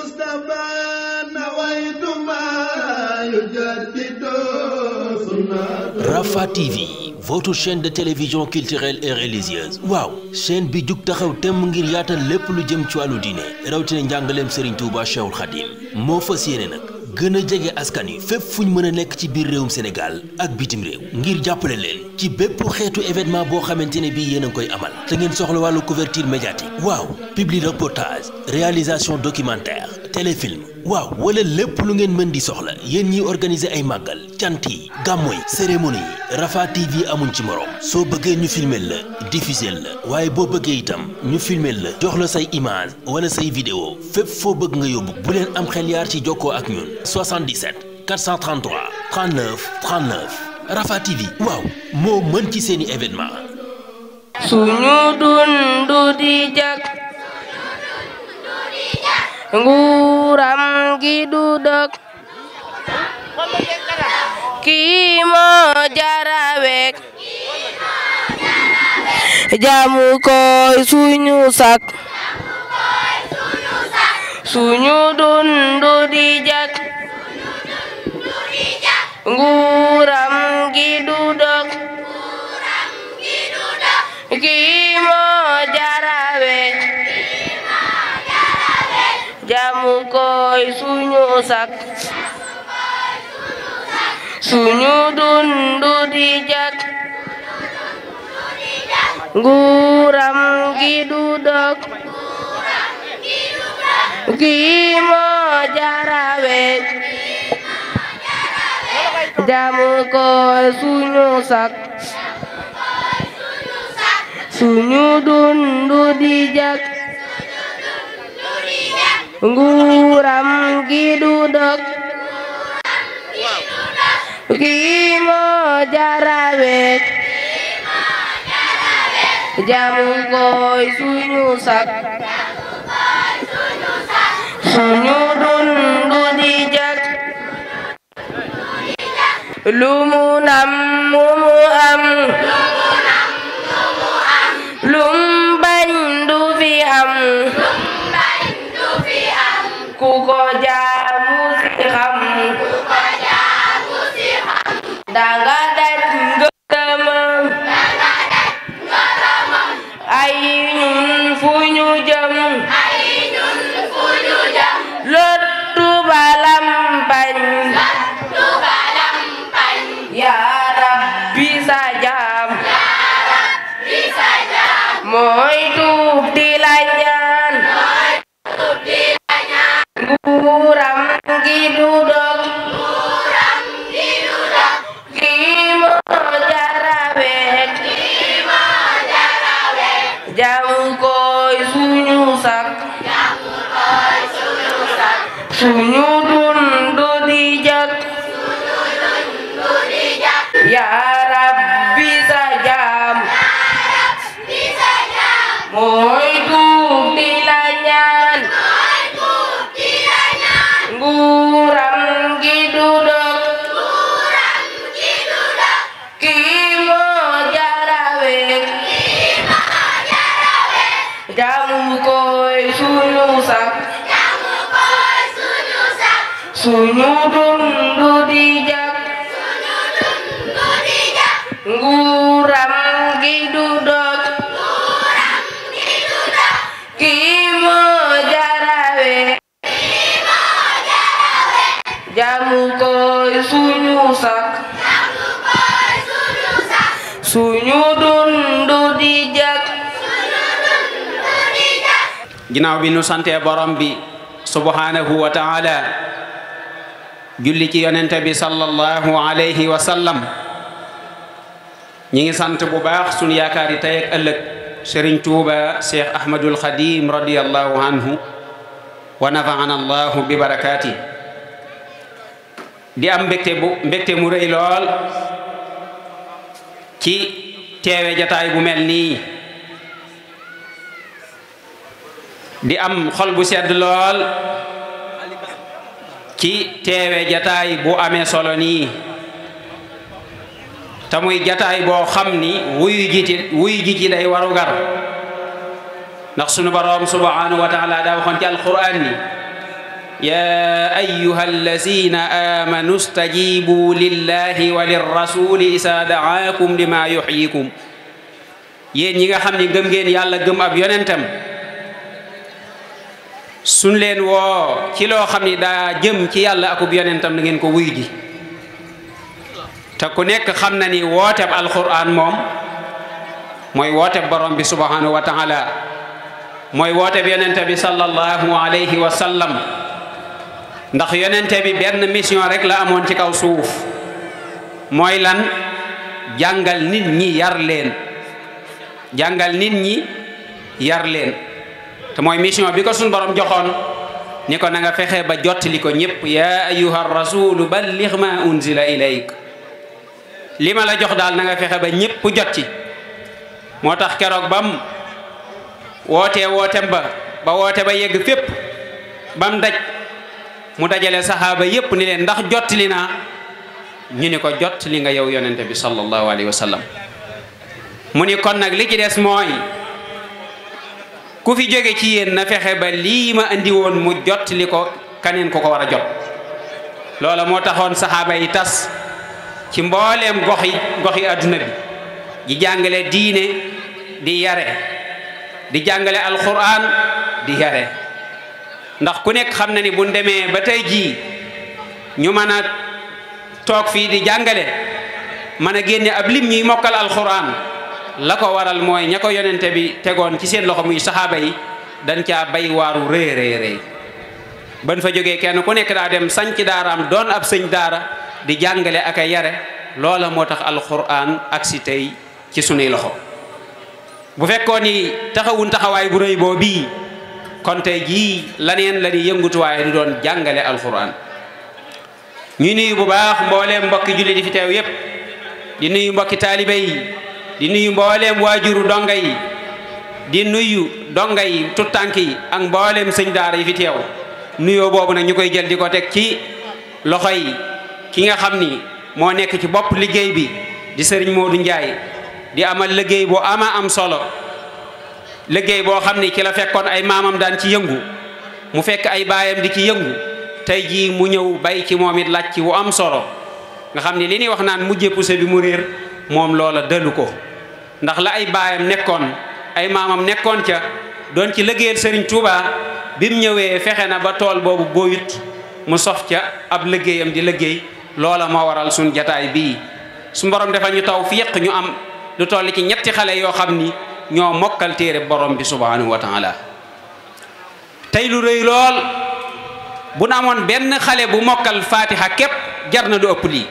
المصطفى نويت ما يجدد de télévision culturel et religieuse waaw chaîne bi jug taxaw temm ngir yaatal lépp lu jëm ci wàllu diine rawatina njàngaleem Serigne Touba Cheikhoul Khadim moo fas yéene nag gën a jege askan yi fépp fu ñu mën a nekk ci biir réewum Sénégal ak bitim réew ngir jàppale leen ci bépp xeetu événement boo xamante ne bii yéen a koy amal te ngeen soxla wàllu couverture médiatique waaw publi reportage réalisation documentaire téléfilm waaw wala lépp lu ngeen mën di soxla yéen ñiy organiser ay màggal cant yi gàmmo yi cérémonie yi Rafah TV amul ci morom soo bëggee ñu filmeel la diffuseel la waaye boo bëggee itam ñu filmeel la jox la say image wala say vidéo fépp foo bëgg nga yóbbu bu leen am xel yaar ci jokkoo ak ñun 77 433 39 39 Rafah TV waaw moo mën ci seeni événement suñu dundu di jag nguuram gi du dog kii moo jara wek jaamu koy suñu sak suñu dundu di nguuram gi du dog kii jaamu koy suñu sak suñu dundu di jag nguuram gi du dog kii moo jarawe jaamu koy suñu sak suñu dundu nguuram gi du dog kii moo jara wet jamu koy suñu sak suñu dundu di jag lu nam mu am danga suñu ginnaaw bi nu santee borom bi subhanahu wa taala julli ci yonente bi sallallahu alayhi wa sallam ñi ngi sant bu baax sunu yaakaar yi tey ak ëllëg Serigne Touba Ahmadul Khadim radiyallahu anhu wa nafaana allahu bi barakaati di am mbégte mu rëy lool ci teewe jataay bu mel nii di am xol bu sedd lool ci teewe jataay bu amee solo nii te muy jataay boo xam ni wuyu ji ci day warugar ndax sunu boroom subhanahu wa taala daa waxoon ci alquran ni ya ayuha allazina amanu stajibu lillahi wa lirrasuli isa daakum lima yuxyikum yéen ñi nga xam ni gëm ngeen yàlla gëm ab yonentam suñ leen woo ci loo xam ni daa jëm ci yàlla akub yonentam na ngeen ko wuy ji te ku nekk xam na ni wooteb alquran moom mooy wooteb borom bi subhanahu wa taala mooy wooteb yonente bi sallallahu alayhi wa ndax yonente bi benn mission rek la amoon ci kaw suuf mooy lan jàngal nit ñi yar leen jàngal nit ñi yar leen te mooy mission bi ko suñ borom joxoon ni ko na nga fexe ba jottali ko ñëpp yaa ayuha rasulu balligh ma unzila ilayk li ma la jox daal na fexe ba ñëpp jot ci moo tax keroog bam woote wootem ba ba woote ba yegg fépp bam daj mu dajale saxaaba yépp ni leen ndax jottali naa ñu ni ko jot li nga yow yonente bi sallallahu alayhi wa sallam mu ni kon nag li ci des mooy ku fi jóge ci yéen na fexe ba lii ma indi woon mu jot li ko kaneen ko ko war a jot loola moo taxoon saxaaba yi tas ci mbooleem gox yi gox yi adduna bi di jàngale diine di yare di jàngale alquran di yare ndax ku nekk xam na ni bu demee ba tey jii ñu mën a toog fii di jàngale man a génne ab lim ñuy mokkal alquran la ko waral mooy ña ko yonente bi tegoon ci seen loxo muy saxaaba yi dañ caa bay waaru rëy rëy bañ fa jógee kenn ku nekk daa dem sanc daaraam doon ab sëñ daara di jàngale ak a yare loola moo tax alxuraan ak si tey ci sunuy loxo bu fekkoon ni taxawun taxawaay bu rëy boo bii kon tey jii laneen la ñuy yëngutuwaay du doon jàngale alxuraan ñu nuyu bu baax mbooleem mbokki julli di fi teew yépp di nuyu mbokki taalibe yi di nuyu mbooleem waajuru donga yi di nuyu donga yi tuttànk yi ak mbooleem sëñ daara yi fi teew nuyoo boobu nag ñu koy jël di ko teg ci loxo yi ki nga xam ni moo nekk ci bopp liggéey bi di sëriñ du njaay di amal liggéey boo ama am solo liggéey boo xam ni ci la fekkoon ay maamam daan ci yëngu mu fekk ay baayam di ci yëngu tey jii mu ñëw bay ci moom it laaj ci wu am solo nga xam ni li ñuy wax naan mujjee poussé bi mu réer moom loola dëlu ko ndax la ay baayam nekkoon ay maamam nekkoon ca doon ci liggéeyal sëriñ Touba bi ñëwee fexe na ba tool boobu booyut mu sof ca ab liggéeyam di liggéey loola moo waral suñ jataay bii su borom dafa ñu taw fi yëq ñu am lu toll ci ñetti xale yoo xam ni ñoo mokkal téere borom bi subhanahu wa taala tey lu rëy lool bu na amoon benn xale bu mokkal fatiha képp jar na lu ëpp lii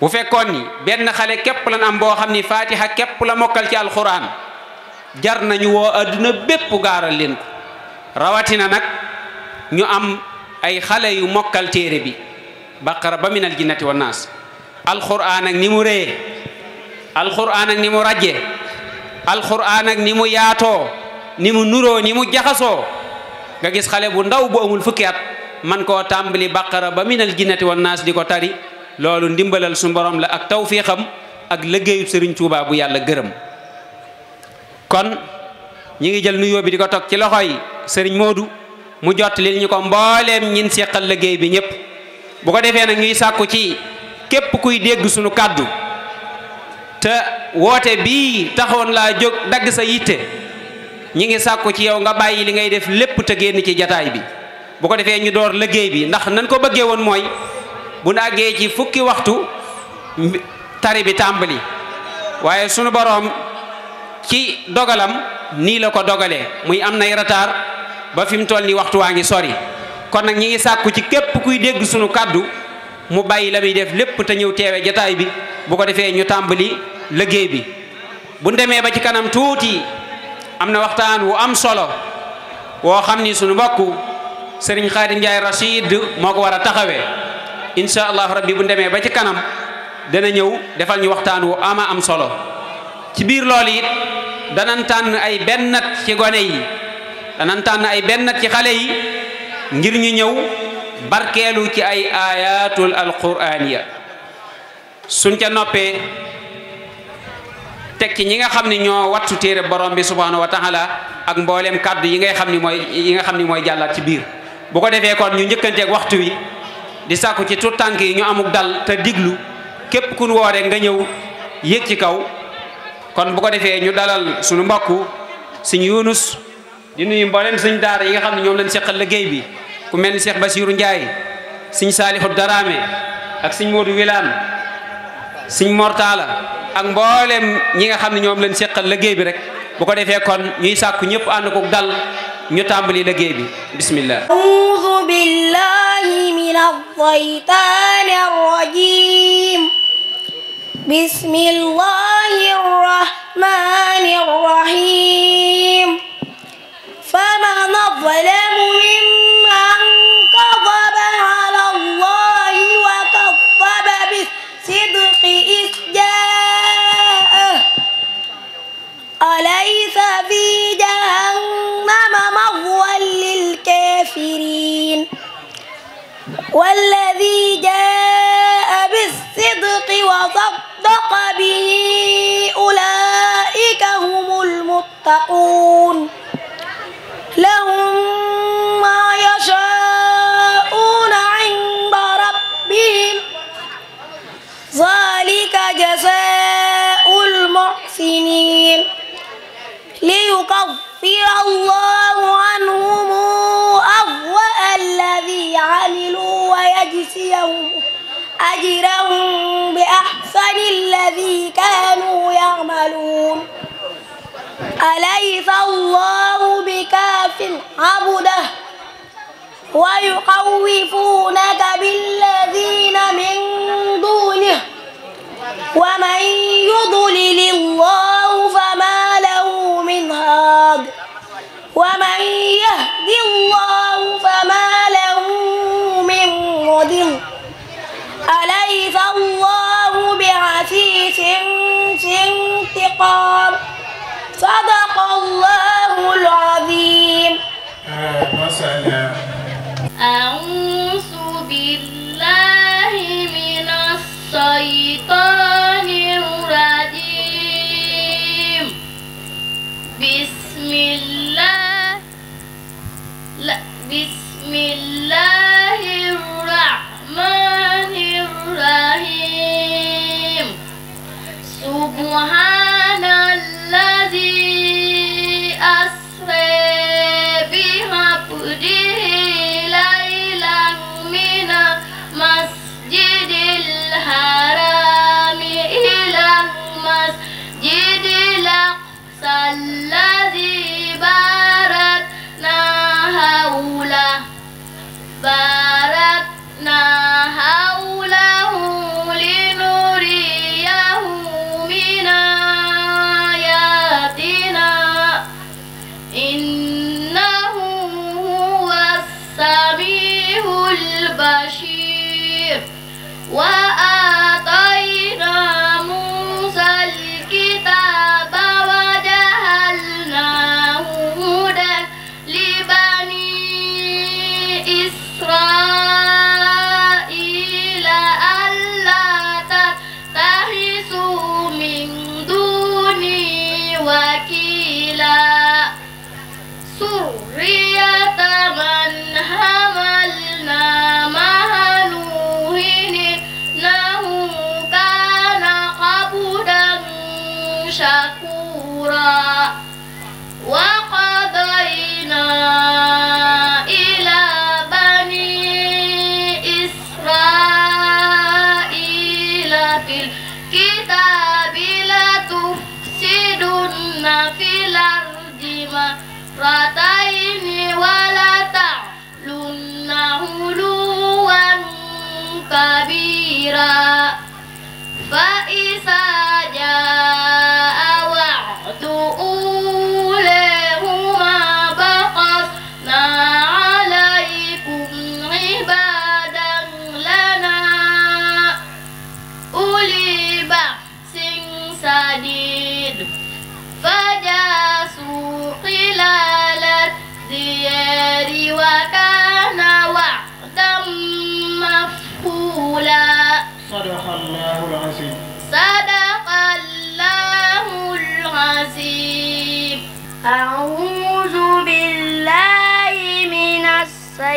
bu fekkoon ni benn xale képp lan am boo xam ni faatiha képp la mokkal ci alxuraan jar nañu woo adduna bépp gaaral leen ko rawatina nag ñu am ay xale yu mokkal téere bi baqara ba minal jinnati wan naas alxuraan ak ni mu rëye alxuraan ni mu rajje alxuraan ak ni mu yaatoo ni mu nuroo ni mu jaxasoo nga gis xale bu ndaw bu amul fukki at man koo tàmbali baqara ba minal jinnati wan naas di ko tari loolu ndimbalal suñu borom la ak tawfiixam ak liggéeyu sëriñ Touba bu yàlla gërëm kon ñi ngi jël nuyoo bi di ko toog ci loxo yi Serigne Modou mu jot lil ñu ko mbooleem ñin seqal liggéey bi ñëpp bu ko defee nag ñuy sàkku ci képp kuy dégg suñu kàddu te woote bii taxoon laa jóg dagg sa yitte ñi ngi sàkku ci yow nga bàyyi li ngay def lépp te génn ci jataay bi bu ko defee ñu door liggéey bi ndax nan ko bëggee woon mooy bu nu àggee ci fukki waxtu tari bi tàmbali waaye sunu boroom ci dogalam nii la ko dogalee muy am nay retard ba fi mu toll nii waxtu waa ngi sori kon nag ñi ngi sàkku ci képp kuy dégg sunu kàddu mu bàyyi la muy def lépp te ñëw teewe jataay bi bu ko defee ñu tàmbali liggéey bi bu ñu demee ba ci kanam tuuti am na waxtaan wu am solo woo xam ni sunu mbokk Serigne Khadim Ndiaye Rachid moo ko war a taxawee incha allah rabbi bu demee ba ci kanam dana ñëw defal ñu waxtaan wu ama am solo ci biir lool it danan tànn ay bennat ci gone yi danan tànn ay bennat ci xale yi ngir ñu ñëw barkeelu ci ay ayatul alquraniya suñ ca noppee teg ci ñi nga xam ne ñoo wattu téere borom bi subhanahu wa taala ak mbooleem kàddu yi ngay xam ni mooy yi nga xam ni mooy jàllaat ci biir bu defee kon ñu njëkkanteeg waxtu wi di sàkku ci tout tànk yi ñu amuk dal te diglu képp kun woo rek nga ñëw yéeg ci kaw kon bu ko defee ñu dalal suñu mbokku suñu yunus di nuyu mboolem suñ daara yi nga xam ne ñoom lañ seqal liggéey bi ku mel ni Cheikh Basiiru Ndiaye suñ Saalihu Daraame ak suñ Moodu Wilaan suñ Mortala ak mboolem ñi nga xam ne ñoom lañ seqal liggéey bi rek bu ko defee kon ñuy sàkku ñëpp ànd ko dal ñu tàmbali liggéey bi bismillah auzu billahi minash shaytanir rajim bismillahir rahmanir rahim والذي جاء بالصدق وصدق به أولئك هم المتقون لهم ما يشاءون عند ربهم ذلك جزاء المحسنين ليكفر الله ليجزيهم أجرهم بأحسن الذي كانوا يعملون أليس الله بكاف عبده ويخوفونك بالذين من دونه ومن يضلل sadaqallahul azim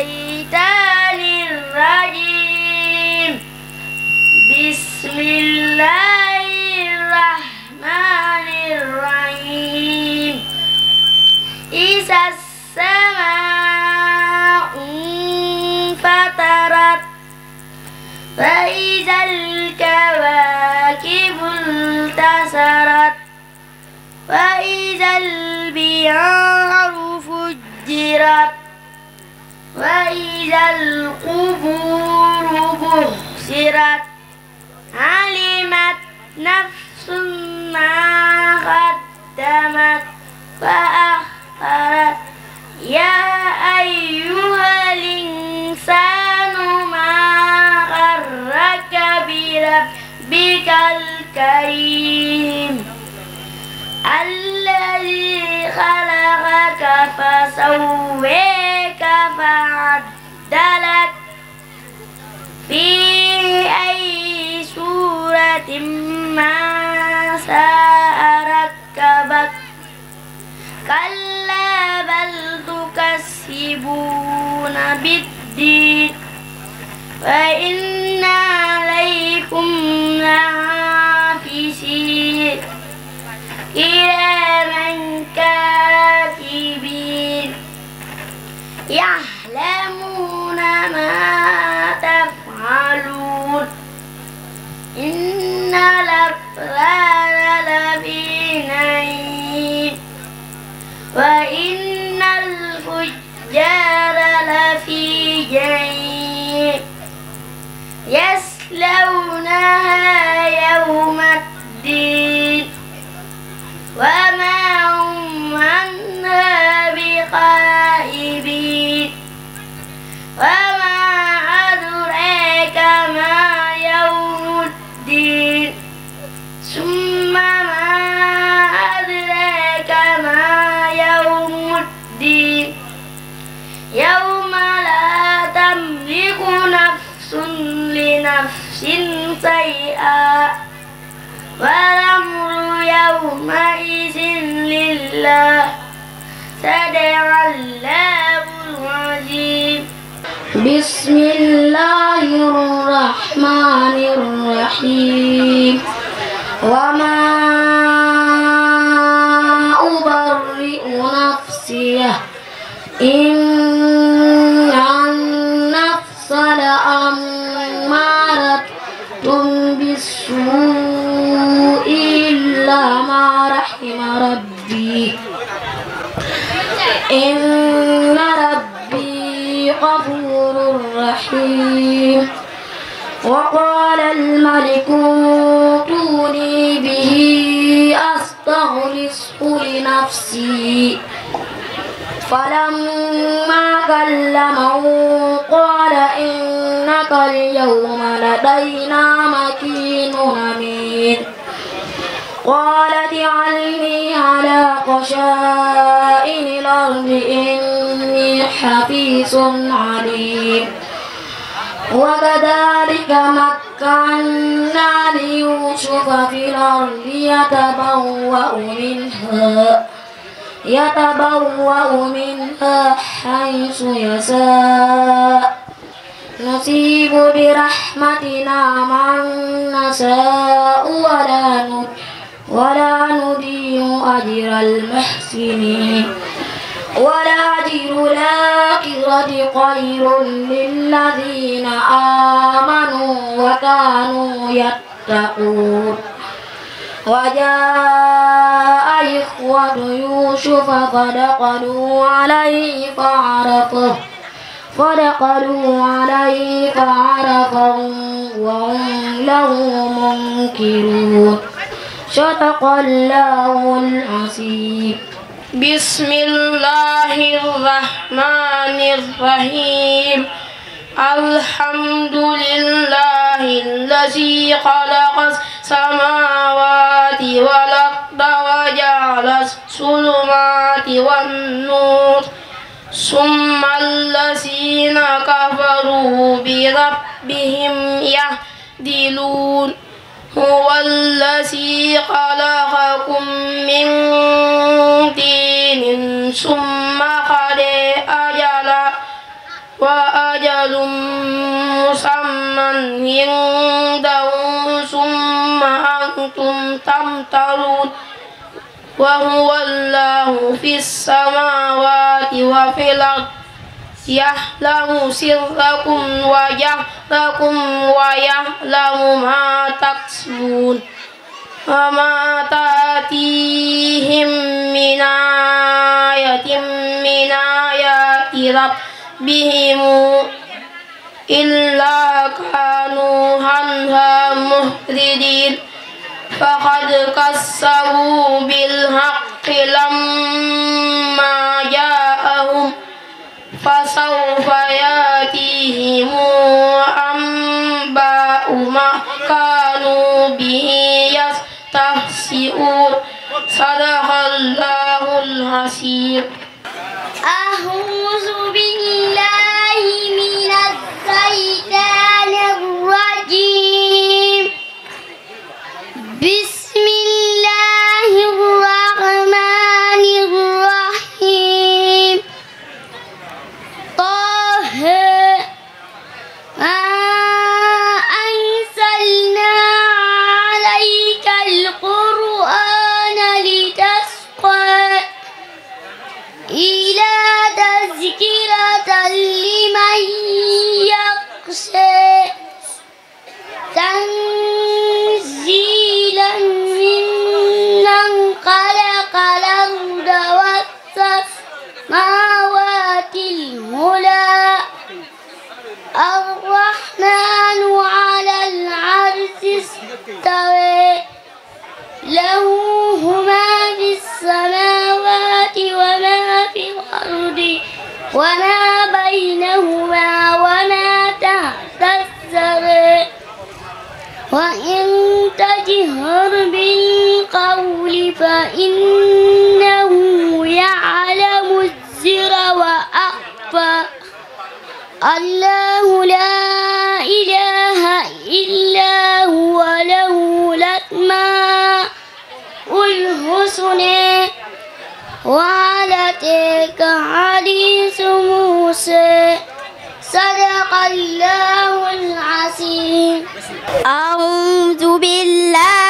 الشيطان الرجيم بسم الله الرحمن الرحيم إذا السماء انفطرت فإذا الكواكب انتثرت وإذا البحار فجرت وإذا القبور بعثرت علمت نفس ما قدمت وأخرت يا أيها الإنسان ما غرك بربك الكريم الذي خلقك فسويك فعدلك في أي سورة ما شاء ركبك كلا بل تكسبون بالدين وإن عليكم لحافظين إلى من كاتبين يعلمون ما تفعلون إن الأبرار لفي نعيم وإن الفجار لفي جحيم يصلونها يوم الدين وما هم عنها بغائبين وما أدريك ما يوم الدين ثم ما أدريك ما يوم الدين يوم لا تملك نفس لنفس شيئا ولم يومئذ لله صدق الله العظيم بسم الله الرحمن الرحيم وما أبرئ نفسي إن إن ربي غفور رحيم وقال الملك ائتوني به أستغرسه لنفسي فلما كلمه قال إنك اليوم لدينا مكين أمين قالت اجعلني على قشائر الأرض إني حفيظ عليم وكذلك مكنا ليوسف في الأرض يتبوأ منها يتبوأ منها حيث يشاء نصيب برحمتنا من نشاء ولا نكره ولا نضيع أجر المحسنين ولأجر الآخرة خير للذين آمنوا وكانوا يتقون وجاء إخوة يوسف فدخلوا عليه فعرفه فدخلوا عليه فعرفهم وهم له منكرون صدق الله العظيم بسم الله الرحمن الرحيم الحمد لله الذي خلق السماوات والأرض وجعل الظلمات والنور ثم الذين كفروا بربهم يهدلون هو الذي خلقكم من دين ثم قد أجل وأجل مسمى عنده ثم أنتم تمترون وهو الله في السماوات وفي الأرض يعلم سركم وجهركم ويعلم ما تكسبون وما تأتيهم من آية من آيات ربهم إلا كانوا عنها مهردين فقد كسبوا بالحق لما فسوف ياتيهم أنباء ما كانوا به يستهزئون صدق الله العظيم أعوذ بالله من الشيطان الرجيم بسم الله يستوي له ما في السماوات وما في الأرض وما بينهما وما تحت الثرى وإن تجهر بالقول فإنه يعلم السر وأخفى الله لا إله إلا هو له الأسماء الحسنى وعلى تلك حديث موسى صدق الله العظيم أعوذ بالله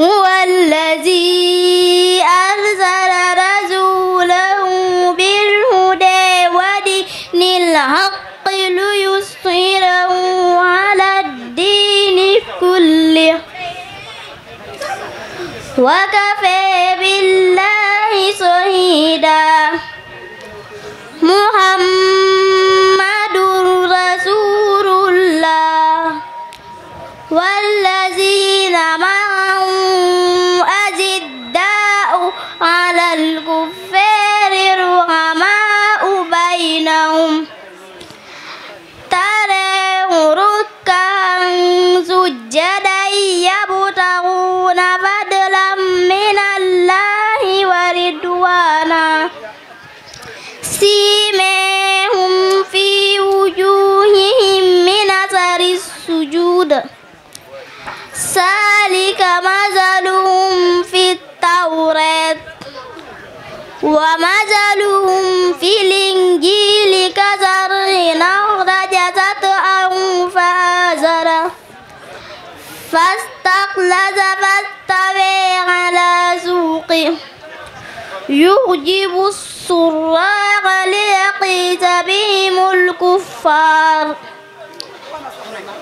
هو الذي أرسل رسوله بالهدى ودين الحق ليظهره على الدين كله وكفى بالله شهيدا محمد ومثلهم في الإنجيل كزرع أخرج شطأه فآزره فاستغلظ فاستوى على سوقه يعجب السراع ليقيس بهم الكفار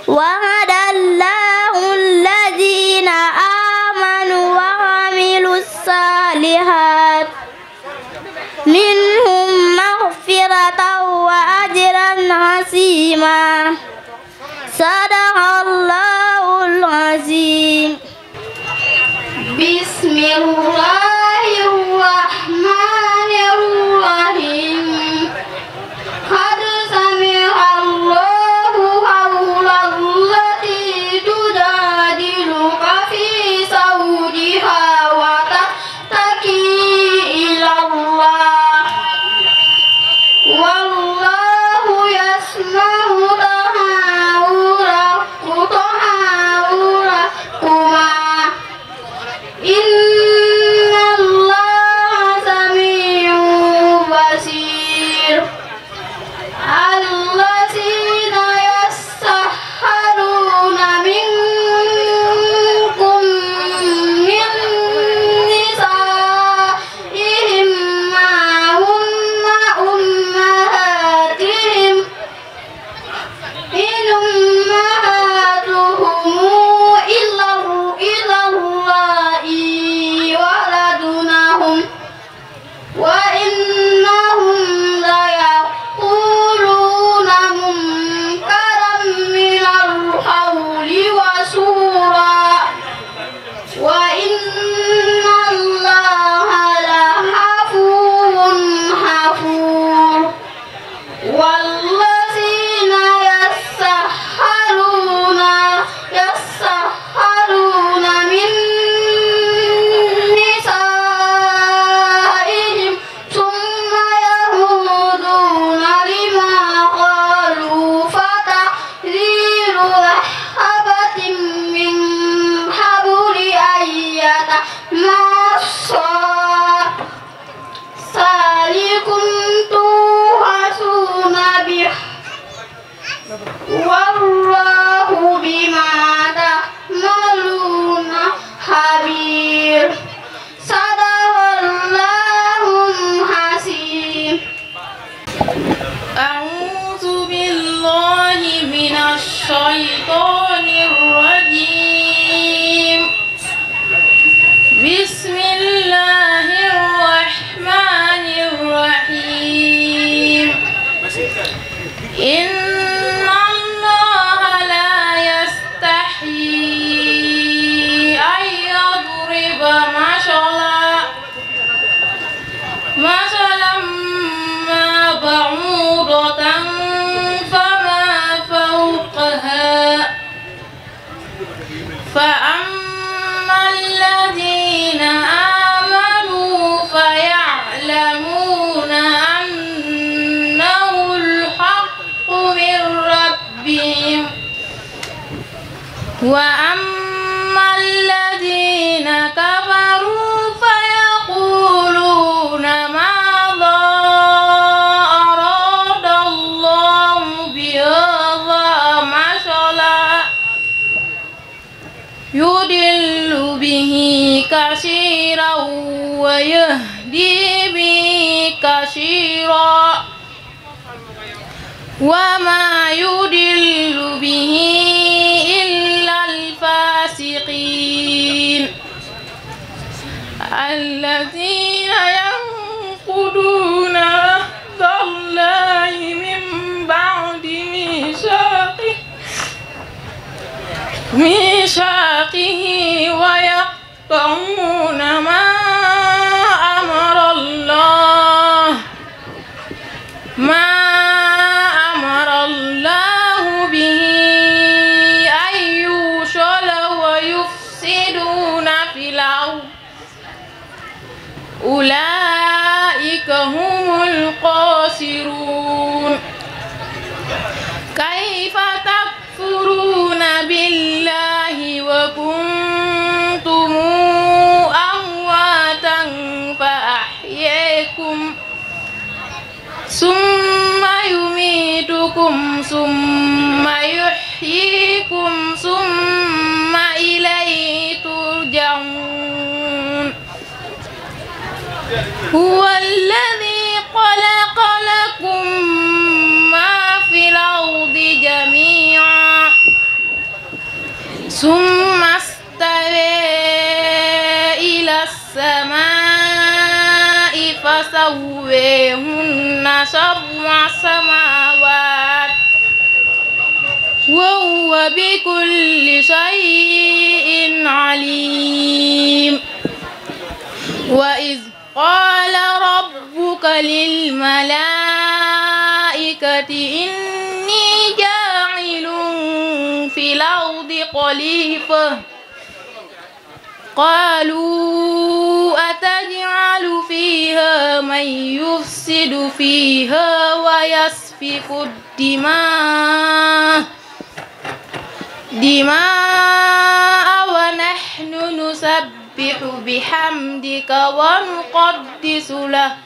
وهدى الله الذين آمنوا وعملوا الصالحات منهم مغفرة وأجرا عظيما صدق الله العظيم بسم الله الرحمن هدى ويهدي به كثيرا وما يدل به إلا الفاسقين الذين ينقضون عهد الله من بعد ميثاقه ميثاقه ويقولون يقطعون ما أمر الله ما ثم يميتكم ثم يحييكم ثم إليه ترجعون هو الذي خلق لكم ما في الأرض جميعا ثم استوى إلى السماء فسويهن سبع سماوات وهو بكل شيء عليم وإذ قال ربك للملائكة إني جاعل في الأرض خليفة قالوا أتجعل فيها من يفسد فيها ويسفك الدماء دماء ونحن نسبح بحمدك ونقدس له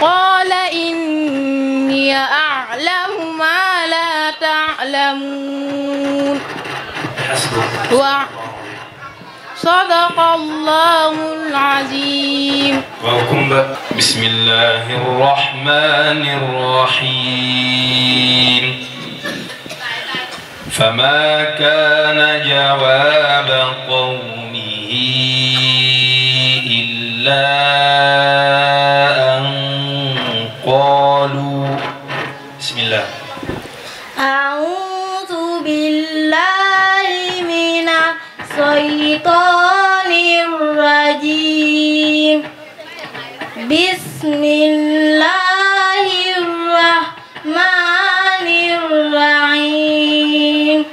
قال إني أعلم ما لا تعلمون sadaqallahul aziim. waaw Kumba. bismillahi rahmani rahim. فما كان جواب قومه إلا أن قالوا بسم الله أعوذ بالله من الشيطان الرجيم بسم الله الرحمن الرحيم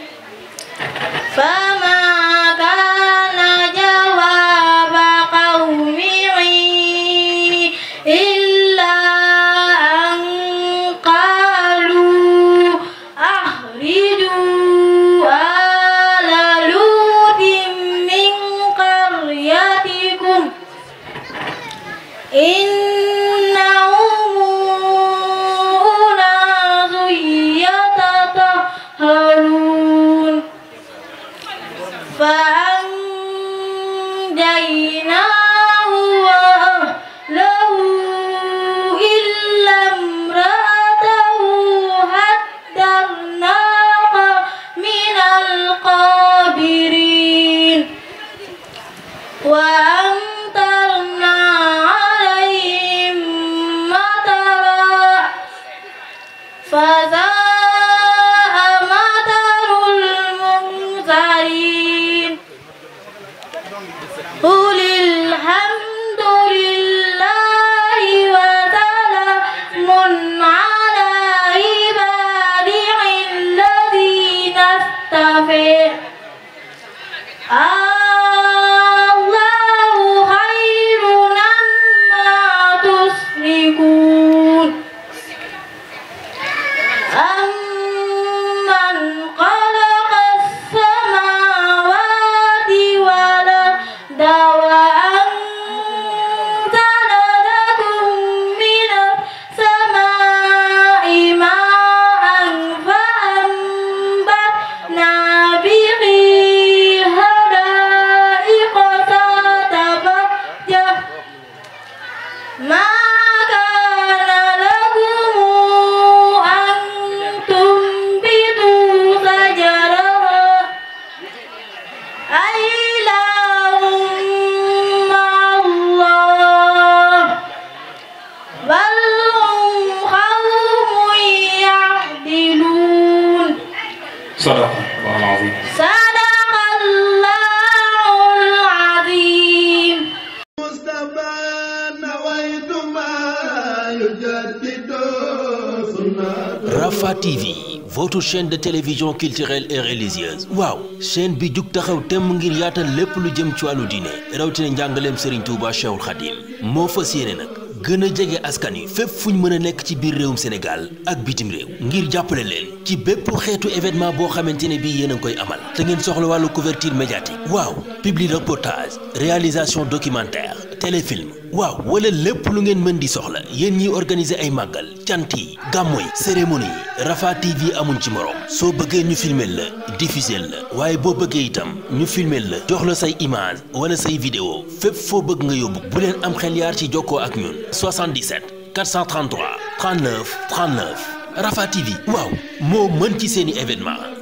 صدق الله العظيم صدق الله العظيم مصطفى نويت ما يجدد سنة رفا تي في votre chaîne de télévision culturel et religieuse waaw chaîne bi jug taxaw temm ngir yaatal lépp lu jëm ci wàllu diine rawatina njàngaleem Serigne Touba Cheikhul Khadim moo fas yéene nag gën a jege askan yi fépp fu ñu mën a nekk ci biir réewum Sénégal ak bitim réew ngir jàppale leen ci bépp xeetu événement boo xamante ne bii yéen a koy amal te ngeen soxla wàllu couverture médiatique waaw publi reportage réalisation documentaire téléfilm waaw wala lépp lu ngeen mën di soxla yéen ñiy organiser ay màggal cant yi gàmmu yi cérémonie yi Rafah TV amuñ ci morom soo bëggee ñu filmer la diffuser la waaye boo bëggee itam ñu filmer la jox la say image wala say vidéo fépp foo bëgg nga yóbbu bu leen am xel yaar ci jokkoo ak ñun 77 433 39 39 Rafah TV waaw moo mën ci seeni événement